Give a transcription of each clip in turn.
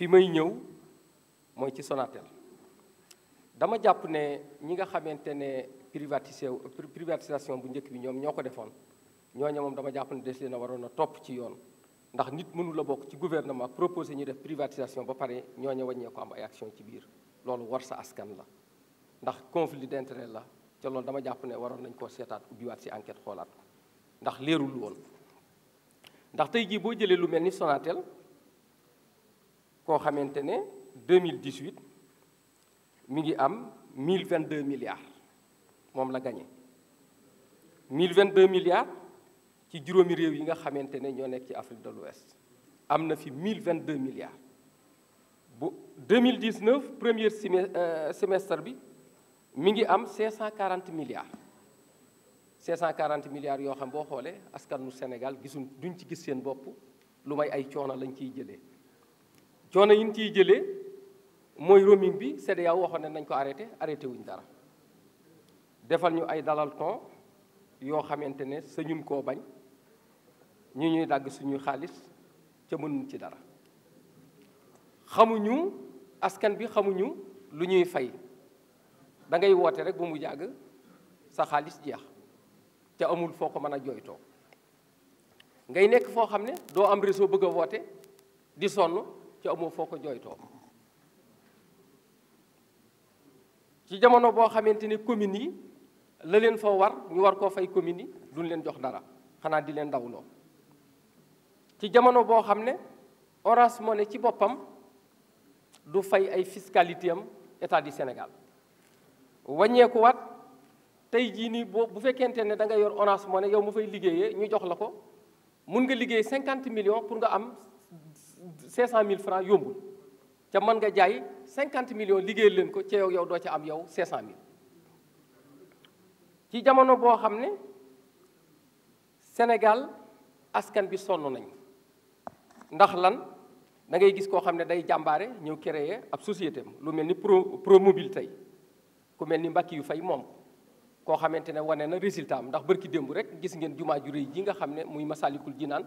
fi may ñëw mooy ci Sonatel dama jàpp ne ñi nga xamante ne privatisé privatisation bu njëkk bi ñoom ñoo ko defoon ñooñu moom dama jàpp ne des leen waroon na topp ci yoon ndax nit mënu bokk ci gouvernement proposé ñu def privatisation ba pare ñooñu wàññee ko am ay action ci biir loolu war sa askan la ndax conflit d'intérêt la ca loolu dama jàpp ne waroon nañ koo seetaat ubbiwaat si enquete xoolaat ko ndax leerul woon ndax tey jii boo jëlee lu mel ni Sonatel En 2018 nous avons 1022 milliards Nous la gagné 1022 milliards qui juróomi réew yi nga Afrique de l'Ouest Nous avons 1022 milliards En 2019 premier euh, semestre nous avons ngi am 540 milliards 540 milliards yoo xam le xoolee askanu Sénégal gisuñ duñ ci gis seen bopp lu may ay lañ coono yi ñu ciy jëlee mooy roaming bi CEDEAO waxoon ne nañ ko arrêté arrêté wuñ dara defal ñu ay dalal ton yoo xamante ne sañun koo bañ ñu ñuy dagg suñu xaalis ca mënuñ ci dara xamuñu askan bi xamuñu lu ñuy fay dangay woote rek ba mu jàgg sa xaalis jeex te amul foo ko mën a jooytoo ngay nekk foo xam ne doo am réso bëgg a woote di sonn ci amoo foo ko jooytoo ci jamono boo xamante ni communes yi la leen fa war ñu war koo fay communes yi duñ leen jox dara xanaa di leen dawloo ci jamono boo xam ne Orange Money ci boppam du fay ay fiscalité am état du Sénégal wàññeekuwaat tey jii nii boo bu fekkente ne da nga yor Orange Money yow ma fay liggéeyee ñu jox la ko mun nga liggéey cinquante million pour nga am 500 000 francs yombul ci man nga jaay 50 millions liggéeyal leen ko ci yow yow doo ci am yow 500 000 ci jamono boo xam ne Sénégal askan bi sonn nañ ndax lan da ngay gis koo xam ne day jàmbaare ñëw créer ab société lu mel ni pro promobile tey ku mel ni mbàkki yu fay moom koo xamante ne wane na résultat am ndax barki démb rek gis ngeen jumaa ju réy ji nga xam ne muy Masalikul Jinaan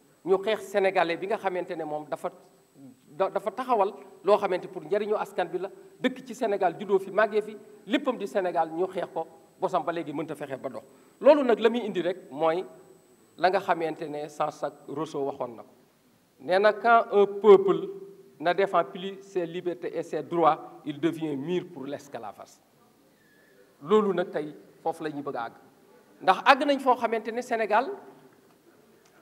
ñu xeex sénégalais bi nga xamante ne moom dafa dafa taxawal loo xamante pour njëriñu askan bi la dëkk ci Sénégal juddoo fi màggee fi léppam di Sénégal ñu xeex ko bosam ba léegi mënta fexee ba dox loolu nag la muy indi rek mooy la nga xamante ne Jean-Jacques Rousseau waxoon na ko nee na quand un peuple ne défend plus ses libertés et droit droits il devient mûr pour les l'esclavage loolu nag tey foofu la ñuy bëgg a àgg ndax àgg nañ foo xamante ne Sénégal